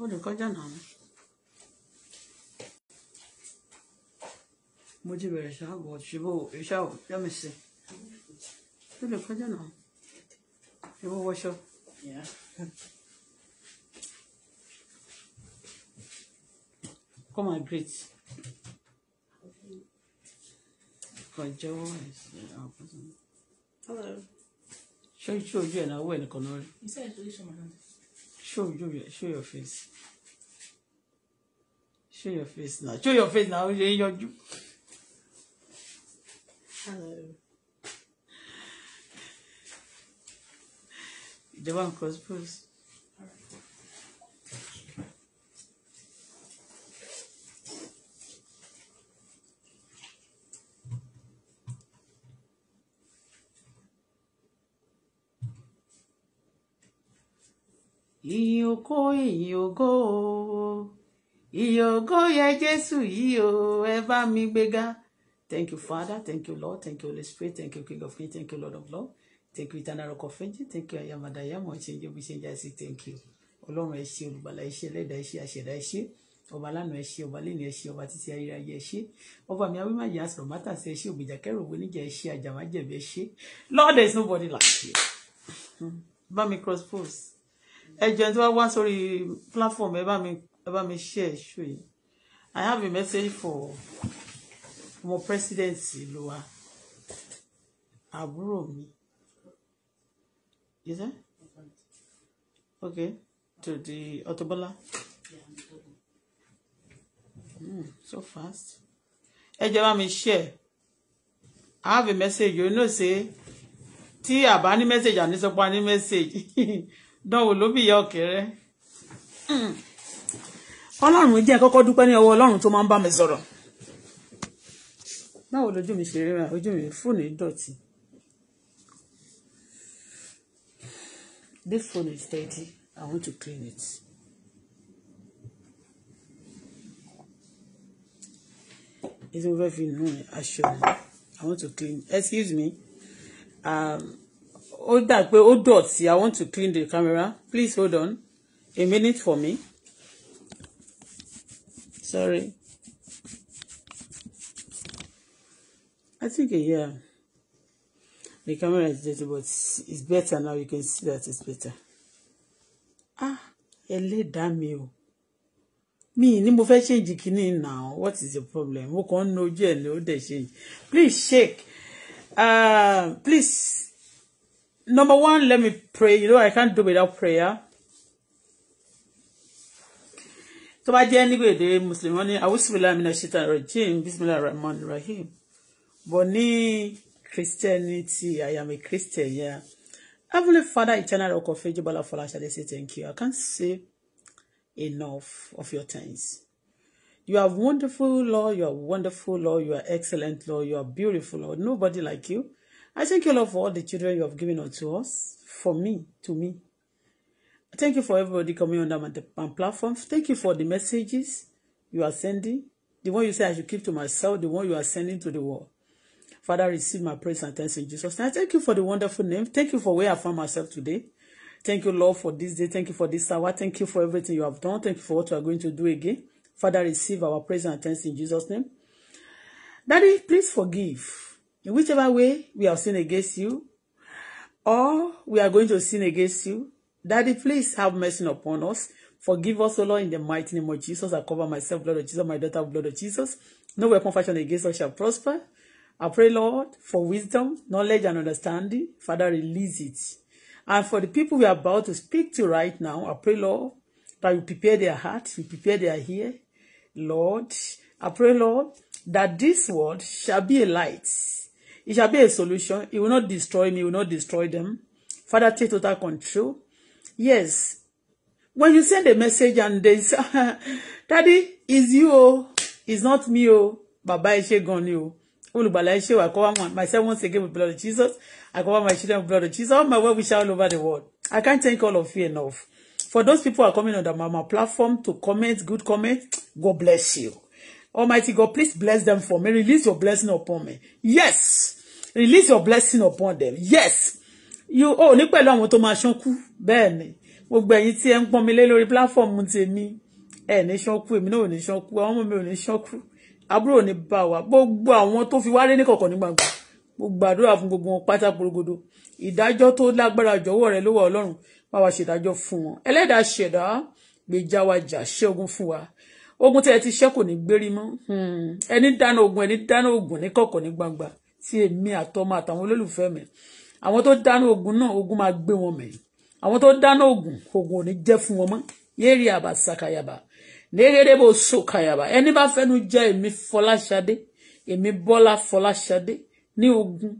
ó lè kọjá náà ni. mo ti bẹ̀rẹ̀ ṣáàbọ̀ ṣubú Come and greet. Hello. Ṣé ojú ẹ̀ náà wẹ̀ nìkan náà rí? Iṣẹ́ Show your, show your face. Show your face now. Show your face now. Ṣé yọjú. Hello. The one cause post. ìyìn ògo ìyìn ògo ìyìn ògo yẹ jésù yìí o ẹ bá mi gbéga thank you father thank you lord thank you holy spirit thank you king of kings thank you lord of lords thank you eternal rock of thank you ayamada ayamọ ṣẹjẹ bí ṣẹjẹ àṣì thank you ọlọ́run ẹ ṣé olùgbàlà ẹ ṣé ẹlẹ́dàá ẹ ṣé àṣẹdá ẹ ṣé ọba lánàá ẹ ṣé ọba lẹni ẹ ṣé ọba títí ayérayé ẹ ṣé ọba mi awímáyé asọ̀rọ̀ mátàsí ẹ ṣé ògbèjàkẹrò oníjà ẹ ṣé àjàmájẹ̀bi ẹ ṣé lord there is nobody like you hmm. bá mi cross post ẹjọ tí wọ́n wá sórí platform ẹ bá mi ẹ bá mi share show yìí I have a message for ọmọ president ìlú wa àbúrò mi you say okay to the Auto mm, so fast ẹ jẹ́ bá mi share I have a message you know say tí àbá ní message àní sọpọ ní message. dánwò ló bí ìyá ọ̀kẹ́rẹ́ ọlọ́run jẹ́ kọ́kọ́ dúpẹ́ ní ọwọ́ ọlọ́run tó máa ń bá mi sọ̀rọ̀ báwo lójú mi ṣe rí ra ojú mi fóònù dọ̀tí this phone is dirty I want to clean it. ètò ìfẹ́ fi nù aṣọ I want to clean excuse me. Um, ó dà pé ó dọ̀tí i want to clean the camera please hold on a minute for me sorry i think uh, yeah the camera is dirty but it's better now you can see that it's better ah ẹlẹ́dàá mi o mi ni mo fẹ́ change kínní now what is the problem mo kàn ń nojú ẹ̀ ni ó dẹ̀ change please shake uh, please number one, let me pray. You know, I can't do without prayer. tó bá jẹ́ nígbà èdè mùsùlùmí ní awúsùmílà àmì nàṣetà rajim bismillah rahman rahim but ní christianity i am a christian yeah heavenly father eternal rock of ages bala folashade say thank you i can't say enough of your thanks you are wonderful lord you are wonderful lord you are excellent lord you are beautiful lord nobody like you I thank you, Lord, for all the children you have given unto us, for me, to me. Thank you for everybody coming on my, my platform. Thank you for the messages you are sending, the one you say I should keep to myself, the one you are sending to the world. Father, receive my praise and thanks in Jesus' name. Thank you for the wonderful name. Thank you for where I found myself today. Thank you, Lord, for this day. Thank you for this hour. Thank you for everything you have done. Thank you for what you are going to do again. Father, receive our praise and thanks in Jesus' name. Daddy, please forgive. In whichever way we have sinned against you, or we are going to sin against you, Daddy, please have mercy upon us. Forgive us, O Lord, in the mighty name of Jesus. I cover myself, blood of Jesus, my daughter, blood of Jesus. No weapon fashioned against us shall prosper. I pray, Lord, for wisdom, knowledge, and understanding. Father, release it. And for the people we are about to speak to right now, I pray, Lord, that you prepare their heart, you prepare their ear. Lord, I pray, Lord, that this word shall be a light It shall be a solution. It will not destroy me. It will not destroy them. Father, take total control. Yes. When you send a message and they say, Daddy, is you. Oh. It's not me. Oh. Baba she gone you. Olubala Ishe, I cover myself once again with blood of Jesus. I cover my children with blood of Jesus. All my we wishes all over the world. I can't thank all of you enough. For those people who are coming on the Mama platform to comment, good comment, God bless you. Almighty God, please bless them for me. Release your blessing upon me. Yes release your blessing upon them yes you Oh, ní pẹ̀lú àwọn tó máa ṣánkú bẹ́ẹ̀ ni gbogbo ẹ̀yin tí ẹ ń pọ́n mi lé lórí pláfọ́ọ̀mù tèmi ẹ̀ ní ṣánkú èmi náà ò ní ṣánkú àwọn ọmọ mi ò ní ṣánkú àbúrò ní bá wa gbogbo àwọn tó fi wáré ní kọ̀ọ̀kan ní gbàgbà gbogbo àdúrà fún gbogbo wọn pátá porogodo ìdájọ́ tó lágbára jọ̀wọ́ rẹ lọ́wọ́ Ọlọ́run bá wa ṣèdájọ́ fún wọn ẹlẹ́dàá ṣẹ̀dá gbèjà wa jà ṣe ogun fún wa ogun tí ẹ ti ṣẹ́ kò ní gbérí mọ́ hmm. ẹni dáná ogun ẹni dáná ogun ní kọ̀ọ̀kan ní gbangba tí èmi àtọmọ àtàwọn olólùfẹ́ mi àwọn tó dáná ogun náà ogun máa gbé wọn mì àwọn tó dáná ogun ogun ò ní jẹ́ fún wọn mọ́ yéèrè àbá sakayaba lérèrè bó so kayaba ẹni bá fẹ́nu jẹ́ èmi Fọláṣadé èmi Bọ́lá Fọláṣadé ní ogun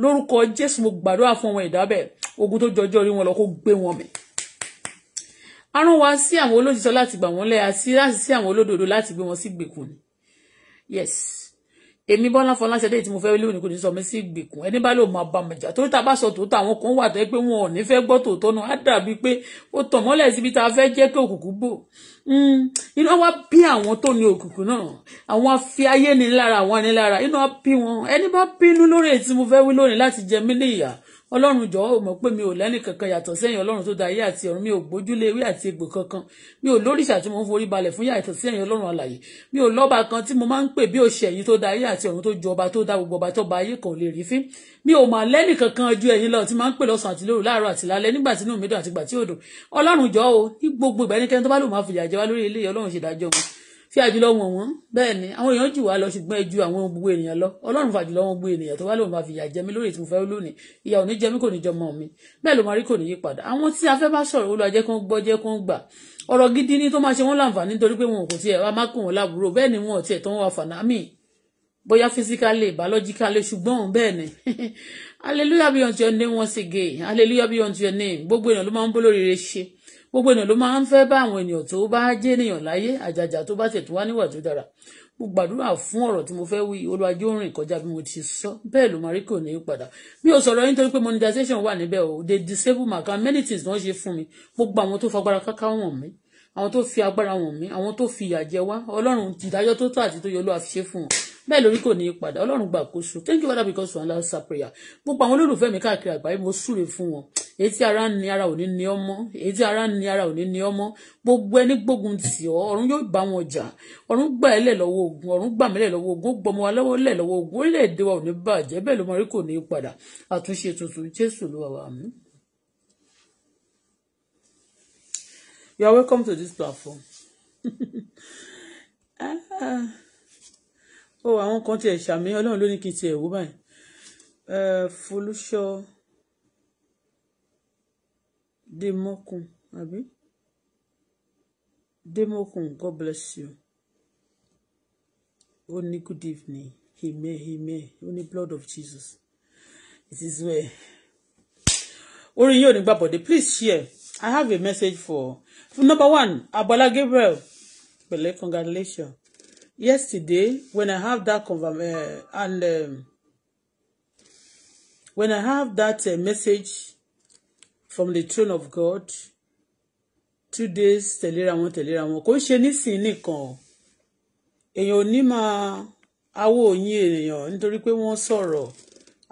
lórúkọ Jésù mo gbàdúrà fún àwọn ìdábẹ ogun tó jọjọ rí wọn lọ kó gbé wọn mì arán wa sí àwọn olóṣìṣọ láti gbà wọn lẹ àti láti sí àwọn olódodo láti gbé wọn sí gbèkùn yes èmi bọ́lá fọláṣadé tí mo fẹ́ lónìí kò ní sọ mi sí gbèkùn ẹni bá lóun máa bá mi jà torí tá a bá sọ tòótọ́ àwọn kan wà tó yẹ pé wọn ò ní fẹ́ gbọ́ tòótọ́ náà á dàbí pé ó tàn mọ́lẹ̀ síbi tá a fẹ́ jẹ́ pé òkùnkùn bò hmm, iná wá bí àwọn tó ní òkùnkùn náà àwọn afi ayé ni lára àwọn ni lára iná bí wọn ẹni bá bínú lórí èyí tí mo fẹ́ wí lónìí láti jẹ mí ní ìyà ọlọ́run jọ̀ọ́ ò mọ̀ pé mi ò lẹ́nì kankan yàtọ̀ sẹ́yìn ọlọ́run tó da ayé àti ọ̀run mi ò gbójúlé ewé àti egbò kankan mi ò lóríṣà tí mo ń forí balẹ̀ fún yàtọ̀ sẹ́yìn ọlọ́run alàyè mi ò lọ́ba kan tí mo máa ń pè bí òṣèyí tó da ayé àti ọ̀run tó ju ọba tó da gbogbo ọba tó ba ayé kan lè rí fín mi ò mà lẹ́nì kankan ju ẹ̀yin lọ tí máa ń pè lọ́sàn àti lóru láàárọ̀ àti o ní gbogbo ìgbà ẹnikẹ́ni tó bá fi àjùlọ wọn wọn bẹ́ẹ̀ ni àwọn èèyàn jù wá lọ ṣùgbọ́n ẹ ju àwọn gbogbo ènìyàn lọ ọlọ́run fàjùlọ wọn gbogbo ènìyàn tó wá lóun bá fi ìyà jẹ mí lórí ìtumọ̀fẹ́ lónìí ìyà òní jẹ mí kò ní jọ mọ́ mi bẹ́ẹ̀ ló máa rí kò ní yí padà àwọn tí a fẹ́ bá sọ̀rọ̀ olú ajẹ́ kan gbọ́ jẹ́ kan gbà ọ̀rọ̀ gidi ni tó máa ṣe wọ́n láǹfààní nítorí pé wọn kò tiẹ̀ wá má kùn wọn láàbúrò bẹ́ẹ̀ ni wọn ò tiẹ̀ tó wọn wà fànámì bóyá physically biologically ṣùgbọ́n bẹ́ẹ̀ ni hallelujah be unto your name once again hallelujah be unto your name gbogbo èèyàn ló máa ń bó lóríire ṣe gbogbo ènìyàn ló máa ń fẹ́ bá àwọn ènìyàn tó bá jẹ́ ènìyàn láyé àjàjà tó bá tẹ̀tù wá níwà tó dára mo gbàdúrà fún ọ̀rọ̀ tí mo fẹ́ wí olùwàjò rìn kọjá bí mo ti sọ bẹ́ẹ̀ ló máa rí kò ní í padà mi ò sọ̀rọ̀ nítorí pé monetization wà níbẹ̀ o they disable my account many things wọ́n ṣe fún mi gbogbo àwọn tó fagbára káká wọ̀n mí àwọn tó fi agbára wọ̀n mí àwọn tó fi ìyà jẹ wá ọlọ́run ìdájọ́ tó tó àti tó yẹ olúwa fi ṣe fún wọn bẹ́ẹ̀ lórí kò ní í padà ọlọ́run gbàkóso thank you father because you answer prayer gbogbo àwọn olólùfẹ́ mi káàkiri àgbáyé mo súre fún wọn èyí ara ni ara ò ní ọmọ èyí ara ni ara ò ní ọmọ gbogbo ẹni gbógun tì ọ́ ọ̀run yóò bá wọn jà ọ̀run gbà ẹ́ lẹ̀ ogun ọ̀run gbà mí lẹ̀ ogun ó gbọmọ wa lọ́wọ́ lẹ̀ lọ́wọ́ ogun orílẹ̀-èdè wa ò ní bàjẹ́ ló mọ rí kò ní padà àtúnṣe tuntun Jésù ló wà wà mí. You are welcome to this platform. Ah, ah. Oh, àwọn kan tiẹ̀ ṣàmì Ọlọ́run ló ní kí n tiẹ̀ wò báyìí. Eh, Folúṣọ́. Uh, Demokun, àbí? Demokun, God bless you. Ó ní good evening. may, He may. Only blood of Jesus. It is well. Orin yóò Please share. I have a message for, for number one, Abala Gabriel. Pẹ̀lẹ́, congratulations. Yesterday, when I have that confirm, uh, eh, and um, when I have that uh, message from the throne of God two days tẹ̀léra wọn tẹ̀léra wọn kò ń ṣe nísìnyí nìkan èèyàn ò ní máa awó òyìn èèyàn nítorí pé wọ́n sọ̀rọ̀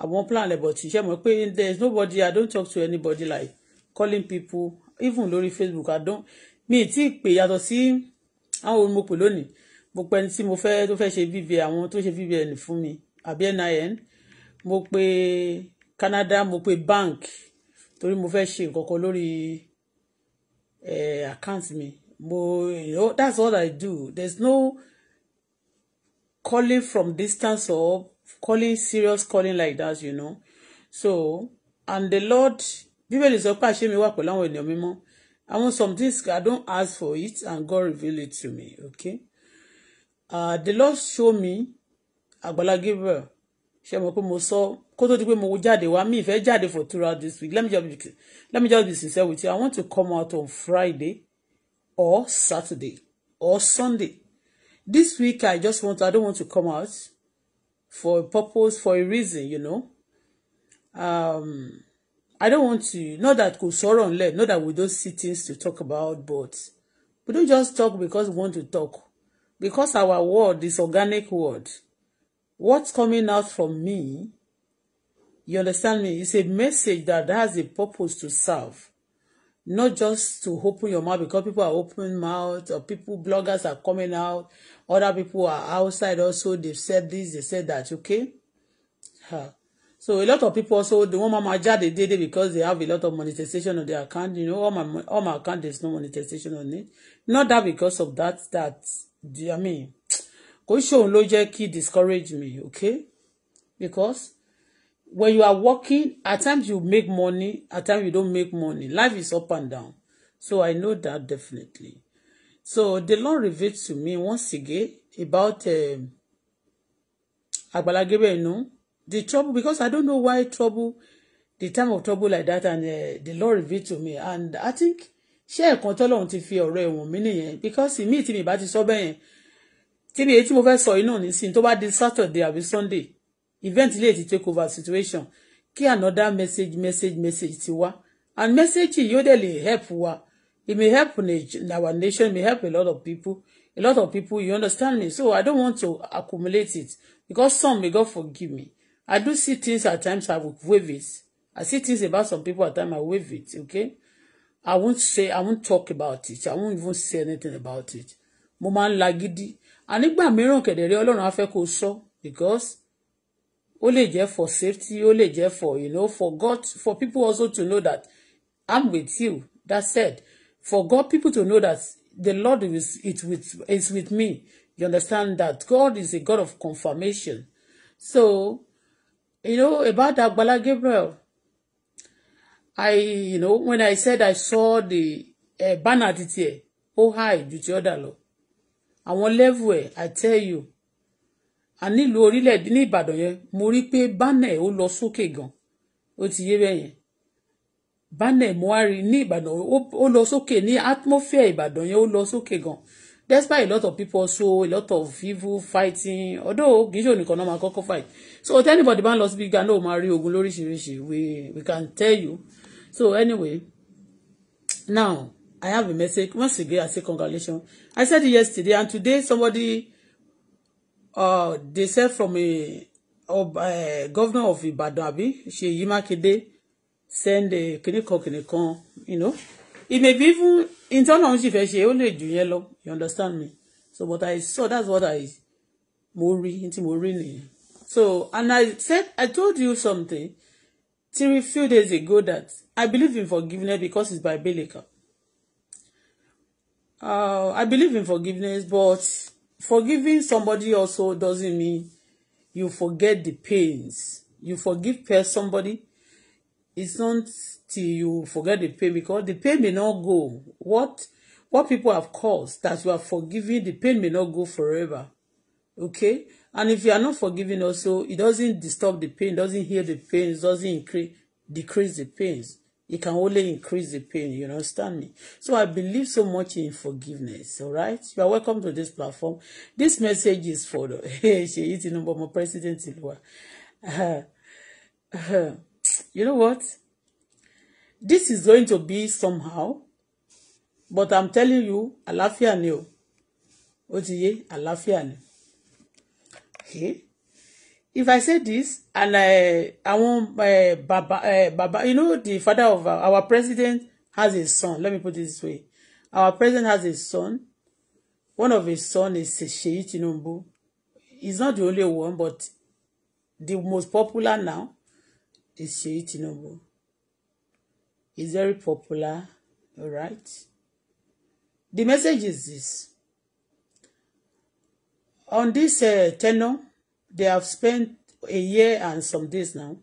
àwọn plan lẹ̀bọ̀ tí ṣe mọ̀ pé there is nobody I don't talk to anybody like calling people even lórí Facebook I don't mi ì tí ì pè yàtọ̀ sí àwọn ohun mo pè lónìí mo pẹ́ tí mo fẹ́ tó fẹ́ ṣe bíbẹ àwọn tó ṣe bíbẹ ẹni fún mi àbí NIN mo pè Canada mo pè bank torí mo fẹ́ ṣe nǹkan kan lórí account mi mo that's all I do there's no calling from distance or calling serious calling like that you know so and the Lord bíbélì sọ pé àṣẹ mi wà pẹ̀lú àwọn ènìyàn mímọ́ I want some things I don't ask for it and God reveal it to me okay uh, the Lord show me Agbala Gabriel ṣe mọ̀ pé mo sọ kó tó di pé mo jáde wá mi ìfẹ́ jáde for throughout this week let me just be let me just be sincere with you i want to come out on friday or saturday or sunday this week i just want i don't want to come out for a purpose for a reason you know um, i don't want to not that kò sọ̀rọ̀ ńlẹ̀ not that we don't see things to talk about but we don't just talk because we want to talk because our world is organic world. What's coming out from me, you understand me, It's a message that has a purpose to serve. Not just to open your mouth because people are open mouth or people, bloggers are coming out. Other people are outside also. They said this, they said that, okay? Huh. So a lot of people also, the woman maja, they did it because they have a lot of monetization on their account. You know, all my, all my account, there's no monetization on it. Not that because of that, that, do I mean, kò ṣòun ló jẹ́ kí discourage me okay because when you are working at times you make money at times you don't make money life is up and down so I know that definitely so the Lord revealed to me once again about um, Agbala um, Gabriel the trouble because I don't know why trouble the time of trouble like that and uh, the Lord revealed to me and I think ṣé ẹ̀kan tọ́lọ́run ti fi ọ̀rọ̀ ẹ̀wọ̀n mi nìyẹn because ìmí tí mi bá ti sọ bẹ́ẹ̀ yẹn tí mi èyí tí mo fẹ́ sọ yìí náà nísìnyí tó bá di Saturday àbí Sunday event lè ti take over situation kí another message message message ti wá and message yìí ó dẹ̀ lè help wa it may help our nation may help a lot of people a lot of people you understand me so I don't want to accumulate it because some may God forgive me I do see things at times I will wave it I see things about some people at times I wave it okay I won't say I won't talk about it I won't even say anything about it mo máa ń la gidi ànígbà mìíràn kẹ̀dẹ̀rẹ́ ọlọ́run á fẹ́ kó sọ because ó lè jẹ́ for safety ó lè jẹ́ for you know for God for people also to know that I'm with you that said for God people to know that the Lord is it with is with me you understand that God is a God of confirmation so you know about Agbala Gabriel I you know when I said I saw the uh, banner titi ẹ ó high ju ti ọ̀dà lọ àwọn level ẹ̀ I tell you a nílùú orílẹ̀-èdè ní Ìbàdàn yẹn mo rí pé bánà ẹ̀ ó lọ sókè gan ó ti yé bẹ́yẹn bánà ẹ̀ mo wá rí ní Ìbàdàn ó lọ sókè ní atmosphere Ìbàdàn yẹn ó lọ sókè gan despite a lot of people so a lot of evil fighting although kì í ṣe onìkan náà máa kọ́kọ́ fight so if anybody bá ń lọ síbi gan náà ó máa rí ogun lóríṣiríṣi we we can tell you so anyway now I have a message once again I say congratulations I said yesterday and today somebody uh, they said from a uh, governor of Ibadan she Seyi Makinde send a kinikan kinikan you know it may be even internal ṣì fẹ́ only ó lè you understand me so what I saw that's what I worry. rí tí so and I said I told you something till few days ago that I believe in forgiveness because it's biblical uh, I believe in forgiveness, but forgiving somebody also doesn't mean you forget the pains. You forgive somebody, it's not till you forget the pain because the pain may not go. What what people have caused that you are forgiving, the pain may not go forever. Okay? And if you are not forgiving also, it doesn't disturb the pain, doesn't heal the pain, doesn't increase decrease the pains. It can only increase the pain, you understand me? So I believe so much in forgiveness, all right? You are welcome to this platform. This message is for the Hey, Seyi number my president Ilua. Uh, you know what? This is going to be somehow, but I'm telling you, àlàáfíà ni o. Ó ti yé, àlàáfíà ni. Okay? if I say this and I àwọn uh, eh, baba uh, eh, baba you know the father of our, our president has a son let me put it this way our president has a son one of his son is Seyi Tinubu he's not the only one but the most popular now is Seyi Tinubu he's very popular all right the message is this on this uh, eh, tenure they have spent a year and some days now.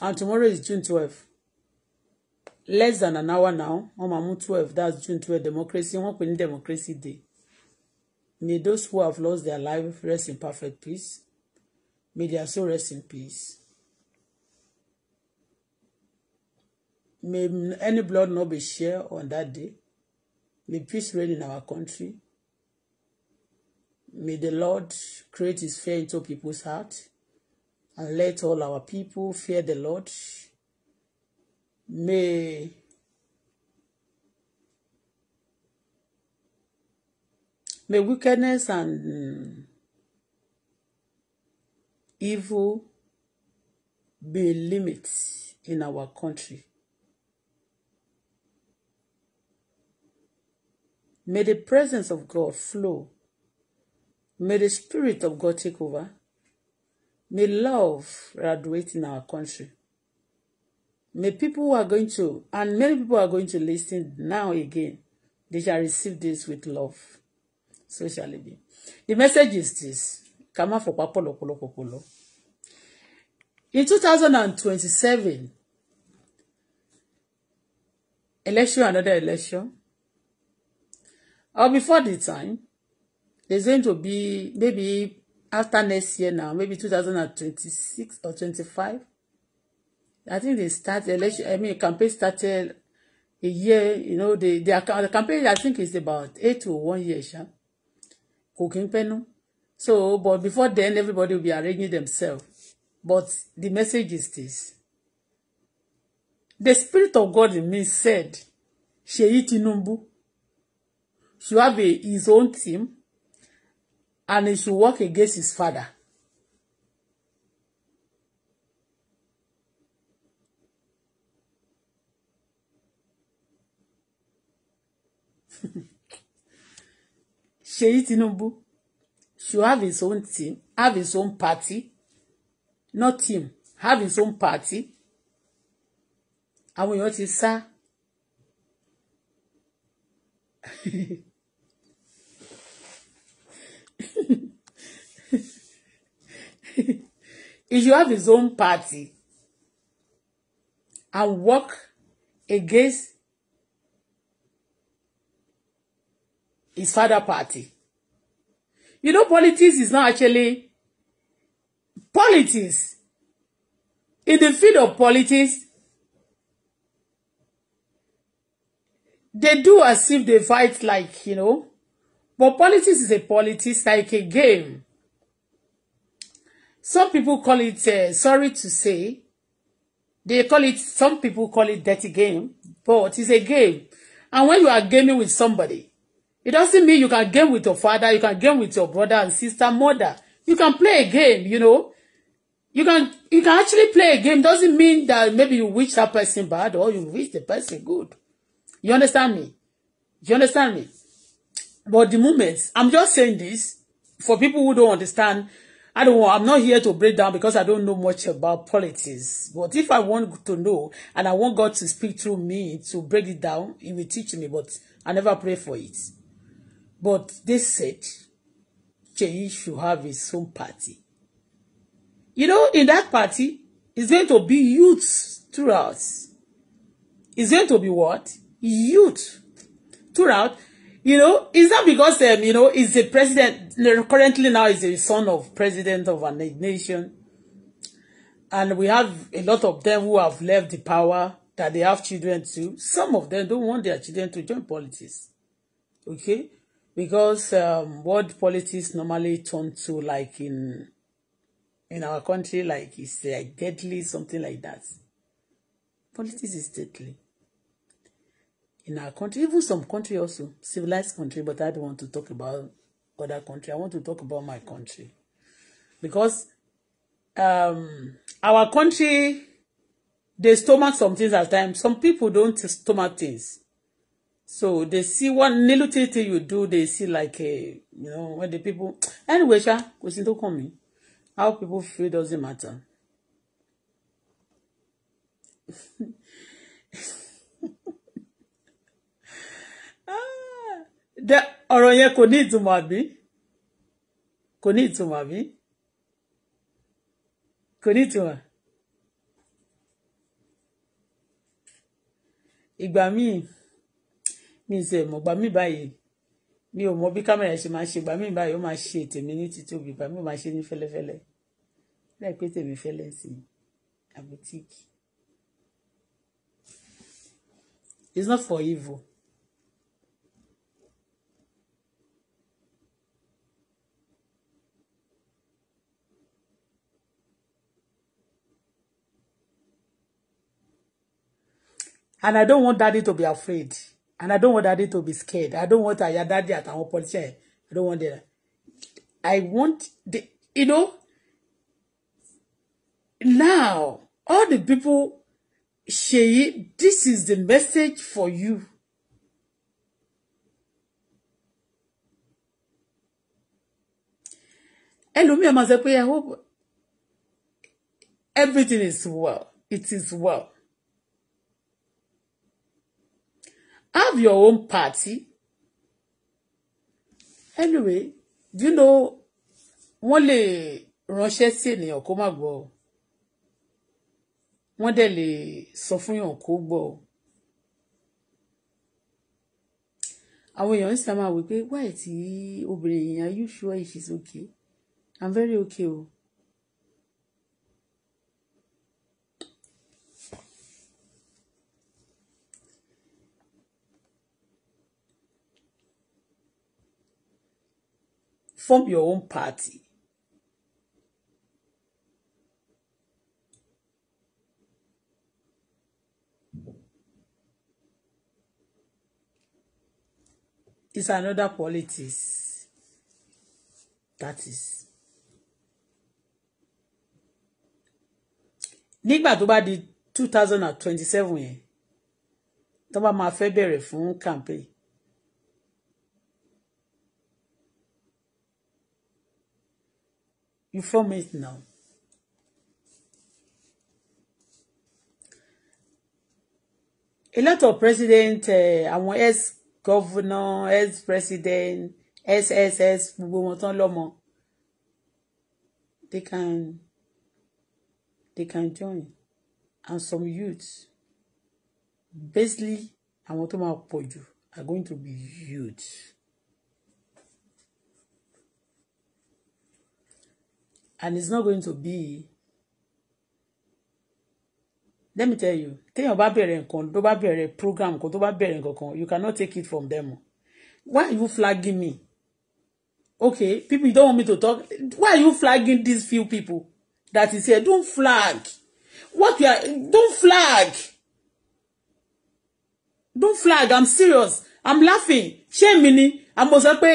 And tomorrow is June 12. Less than an hour now, wọ́n máa mú 12, that's June 12, democracy, wọ́n pè democracy day. May those who have lost their life rest in perfect peace. May their soul rest in peace. May any blood not be shed on that day. May peace reign in our country. May the Lord create his fear into people's heart and let all our people fear the Lord. May may wickedness and evil be limits in our country. May the presence of God flow May the Spirit of God take over. May love graduate in our country. May people who are going to, and many people are going to listen now again, they shall receive this with love. So shall it be. The message is this. Kama fopa polo polo polo. In 2027, election, another election, or before the time, There's going to be maybe after next year now, maybe 2026 or 25. I think they start election. I mean, the campaign started a year. You know, the the, the campaign I think is about eight to one year, sha. Cooking penu. So, but before then, everybody will be arranging themselves. But the message is this: the spirit of God in me said, "Sheyi Tinubu should have a, his own team and he should work against his father. Seyi Tinubu should have his own team, have his own party, not team, have his own party. Àwọn èèyàn ti sá. He should have his own party and work against his father party. You know, politics is not actually politics. In the field of politics, they do as if they fight like, you know, but politics is a politics like a game. Some people call it, uh, sorry to say, they call it, some people call it dirty game, but it's a game. And when you are gaming with somebody, it doesn't mean you can game with your father, you can game with your brother and sister, mother. You can play a game, you know. You can you can actually play a game. Doesn't mean that maybe you wish that person bad or you wish the person good. You understand me? You understand me? But the moment, I'm just saying this for people who don't understand I don't want, I'm not here to break down because I don't know much about politics. But if I want to know and I want God to speak through me to break it down, He will teach me, but I never pray for it. But they said Seyi should have his own party. You know, in that party, it's going to be youth throughout. It's going to be what? Youth throughout. You know, is that because, um, you know, is the president, currently now is a son of president of a nation. And we have a lot of them who have left the power that they have children to. Some of them don't want their children to join politics. Okay? Because um, what politics normally turn to, like in in our country, like it's like uh, deadly, something like that. Politics is deadly in our country, even some country also, civilized country, but I don't want to talk about other country. I want to talk about my country. Because um, our country, they stomach some things at times. Some people don't stomach things. So they see one little thing you do, they see like a, you know, when the people, anyway, sha, question to come How people feel doesn't matter. ọ̀rọ̀ yẹn kò ní ìtumọ̀ àbí kò ní ìtumọ̀ àbí kò ní ìtumọ̀. ìgbà míì mi ìṣe mọ̀ gbà mí báyìí mi ò mọ bí kámẹ́rà ṣe máa ṣe gbà mí báyìí ó máa ṣe tèmi ní títóbi gbà mí ó máa ṣe ní fẹ́lẹ́fẹ́lẹ́ láì pé tèmi fẹ́lẹ́ sí i àbútíkì. It's not for evil. and I don't want daddy to be afraid and I don't want daddy to be scared I don't want aya daddy at our police. I don't want that I want the you know now all the people Seyi this is the message for you. Hello, máa sọ pé I hope everything is well it is well Have your own party. Anyway, do you know wọ́n lè ránṣẹ́ sí ènìyàn kó má gbọ́ ọ. Wọ́n dẹ̀ lè sọ fún yàn kó gbọ́ ọ. Àwọn èèyàn ń sá máa wí pé obìnrin yìí are you sure she's okay? I'm very okay o. Oh form your own party. It's another politics. That is. Nígbà tó bá di two thousand and twenty-seven yẹn, tó bá máa fẹ́ bẹ̀rẹ̀ fún campaign You form it now. A lot of president, eh, àwọn uh, ex-governor, ex-president, SSS, gbogbo wọn tán They can, they can join. And some youths, basically, àwọn tó máa pọ̀ jù are going to be youths. and it's not going to be let me tell you téèyàn bá bẹ̀rẹ̀ nǹkan tó bá bẹ̀rẹ̀ program kan tó bá bẹ̀rẹ̀ nǹkan kan you cannot take it from them why are you flagging me okay people you don't want me to talk why are you flagging these few people that is here don't flag what you are don't flag don't flag i'm serious i'm laughing ṣé èmi ni àmọ́ sọ pé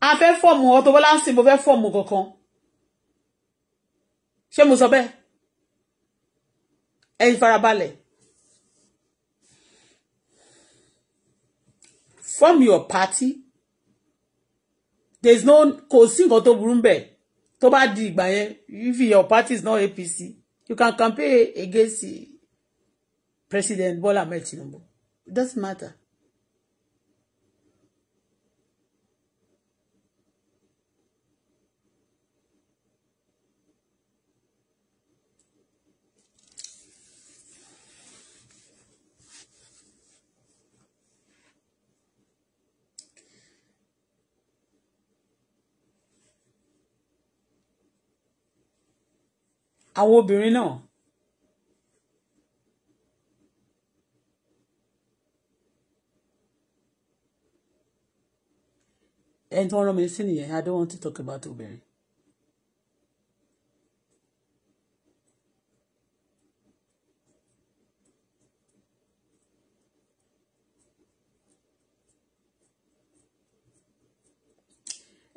a fẹ́ fọ́ọ̀mù Auto Bola ń sìn mo fẹ́ fọ́ọ̀mù kankan ṣé mo sọ bẹ́ẹ̀ ẹ̀yin farabalẹ̀ form your party there is no kò sí nǹkan tó burú bẹ́ẹ̀ tó bá di ìgbà yẹn if your party is not APC you can campaign against President Bola Ahmed Tinubu it doesn't matter. àwọn obìnrin náà ẹni tí wọ́n rán mi sí nìyẹn I don't want to talk about obìnrin.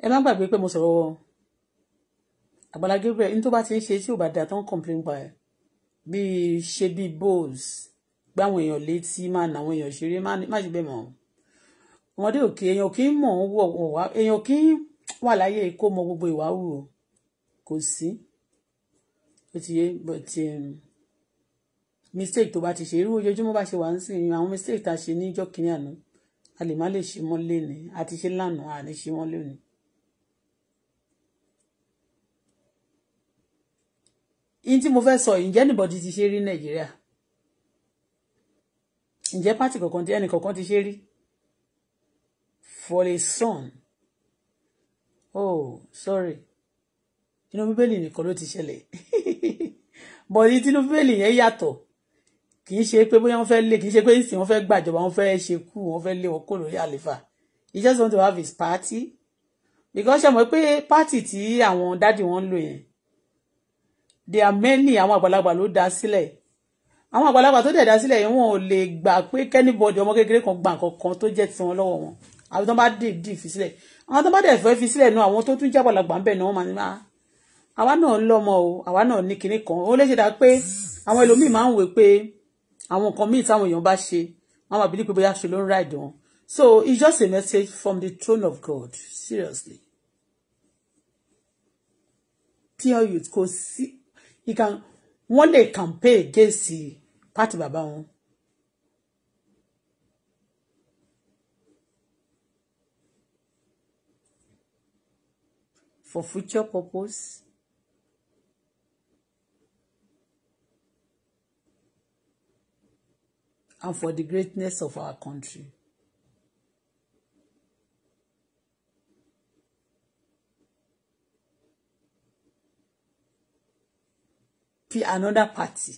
ẹ má gbàgbé pé mo sọ̀rọ̀ Àgbàlá Gabriel ní tó bá ti ń ṣe tí ò bá da tó ń complain pa ẹ̀ bíi ṣe bíi bowls gbá àwọn èèyàn létí máa nà àwọn èèyàn ṣeré má ṣe bẹ́ẹ̀ mọ́ ọmọdé òkè èèyàn kì í mọ̀ ń wọ̀ wọ̀ wá èèyàn kì í wà láyé kó mọ gbogbo ìwà wù kò sí ó ti yé but um, mistake tó bá ti ṣe irú ojoojúmọ́ bá ṣe wà ń sìn àwọn mistake tá a ṣe ní ìjọ́ kìíní àná a lè má lè ṣe mọ́ lénìí àti ṣe lánàá àti ṣe mọ́ lénìí yín tí mo fẹ́ sọ ǹjẹ́ anybody ti ṣe rí nàìjíríà ǹjẹ́ pátì kọ̀ọ̀kan tí ẹnì kọ̀ọ̀kan ti ṣe rí for a son oh sorry inú bíbélì nìkan ló ti ṣẹlẹ̀ bọ̀dí tinú bíbélì yẹn yàtọ̀ kì í ṣe pé bóyá wọ́n fẹ́ lé kì í ṣe pé ìsìn wọ́n fẹ́ gbàjọba wọ́n fẹ́ ṣe kú wọ́n fẹ́ lé wọn kó lórí àlefa he just want to have his party because ṣe mọ̀ pé party ti àwọn dádì wọn ń lò yẹn they are many àwọn àgbàlagbà ló dá sílẹ̀ àwọn àgbàlagbà tó dẹ̀ dá sílẹ̀ yìí wọn ò lè gbà pé kẹ́nìbọ̀dì ọmọ kékeré kan gbà kankan tó jẹ́ tiwọn lọ́wọ́ wọn àwọn tó bá dìídì fi sílẹ̀ àwọn tó bá dẹ̀ fẹ́ fi sílẹ̀ náà àwọn tó tún jẹ́ àgbàlagbà ń bẹ̀ náà máa ní máa ah, àwa náà ń lọ́mọ o àwa náà ní kinní kan ó lè ṣe dá pé àwọn ẹlòmíì máa ń wè pé àwọn nǹkan míì táwọn èèyàn bá ṣe wọn máa bí nípe bóyá ṣe ló ń ra ìdùn wọn so it's just a message from the throne of God seriously pure youth kò sí He can wọ́n lè campaign against party bàbá wọn. for future purpose. and for the greatness of our country. another party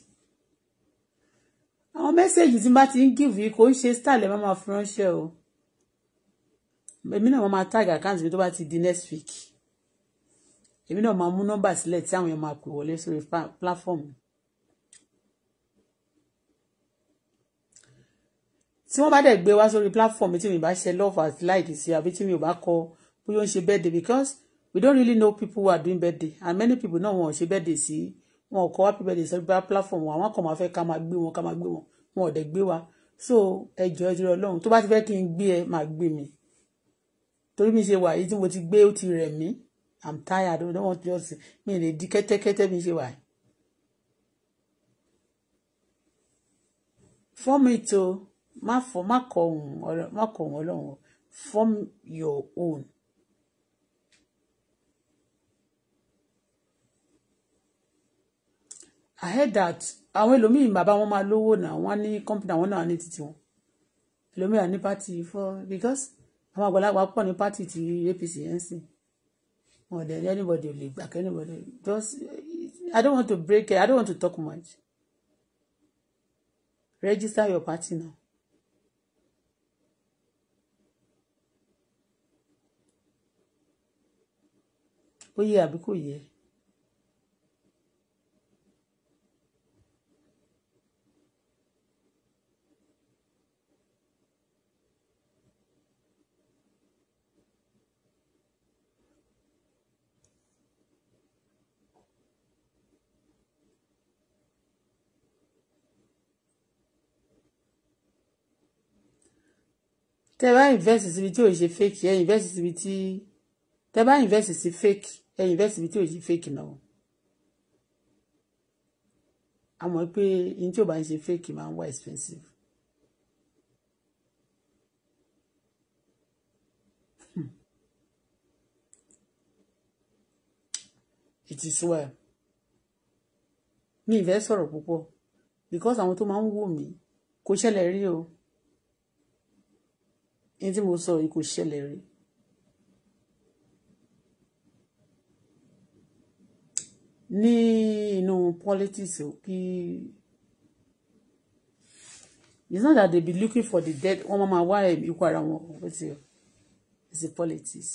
àwọn mẹ́sẹ̀gì tí n bá ti ń give yìí kò ń ṣe style ẹ̀ máa ma fi ránṣẹ́ o èmi náà máa tag account mi tó bá ti di next week èmi náà máa mú nọ́mbà sílẹ̀ tí àwọn èèyàn máa pè wọlé sórí platform tí wọ́n bá dẹ̀ gbé wá sórí platform tí mi bá ṣe love as like sí àbí tí mi ò bá kọ bóyá ó ń ṣe birthday because we don't really know people who are doing birthday and many people náà wọn ò ṣe birthday sí. Si wọn kọ happy birthday sọ bá platform wọn àwọn kan máa fẹ́ ká máa gbé wọn ká máa gbé wọn wọn ò gbé wa so ẹjọ́ ẹ ti tó bá ti fẹ́ kí n gbé ẹ máa gbé mi torí mi ṣe wà yìí tí mo ti gbé ó ti rẹ̀ mí i'm tired i don't just mi lè di kẹ́tẹ́kẹ́tẹ́ mi ṣe wà yìí. form it o má fọ má kọ ohun ọlọ́run má your own I heard that àwọn ẹlòmíì bàbá wọn máa lówó náà wọn ní company àwọn náà ní títí wọn ẹlòmíì à ní party for because àwọn àgbàlagbà pọ̀ ní party ti APC nc wọn dẹ̀ anybody ò lè gbà kẹ́ anybody just I don't want to break it I don't want to talk much register your party now. ó yẹ àbí kò yẹ tẹ bá invest síbi tí ò ṣe fake ẹ invest síbi tí tẹ bá invest sí fake ẹ invest síbi tí ò ṣe fake náà a mọ̀ pé yín tí ò bá ń ṣe fake máa ń wá expensive. Hmm. it is well mi ìfẹ́ sọ̀rọ̀ púpọ̀ because àwọn tó máa ń wò mí kò ṣẹlẹ̀ rí o ní tí mo sọ yìí kò ṣẹlẹ̀ rí ní inú politics o kí it's not that they be looking for the dead wọ́n máa wá ikú ara wọn kò tí o it's the politics.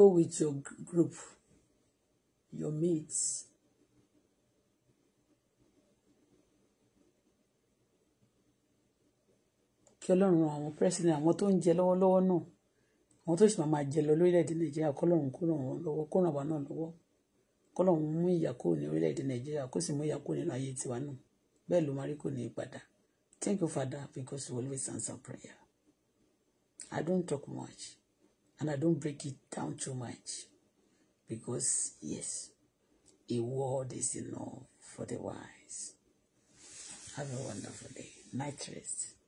Go with your group, your mates. kí ọlọ́run àwọn pẹ́sìdẹ̀ àwọn tó ń jẹ lọ́wọ́lọ́wọ́ náà àwọn tó sì máa máa jẹ lọ lórílẹ̀‐èdè nàìjíríà kọ́lọ́run kó ràn wọ́n lọ́wọ́ kó ràn wá náà lọ́wọ́ kọ́lọ́run mú ìyà kúrò ní orílẹ̀‐èdè nàìjíríà kó sì mú ìyà kúrò nínú ayé tiwa náà bẹ́ẹ̀ ló máa rí kò ní ìpadà thank you father because you always answer prayer i don't talk much. and I don't break it down too much because, yes, a word is enough for the wise. Have a wonderful day. Night rest.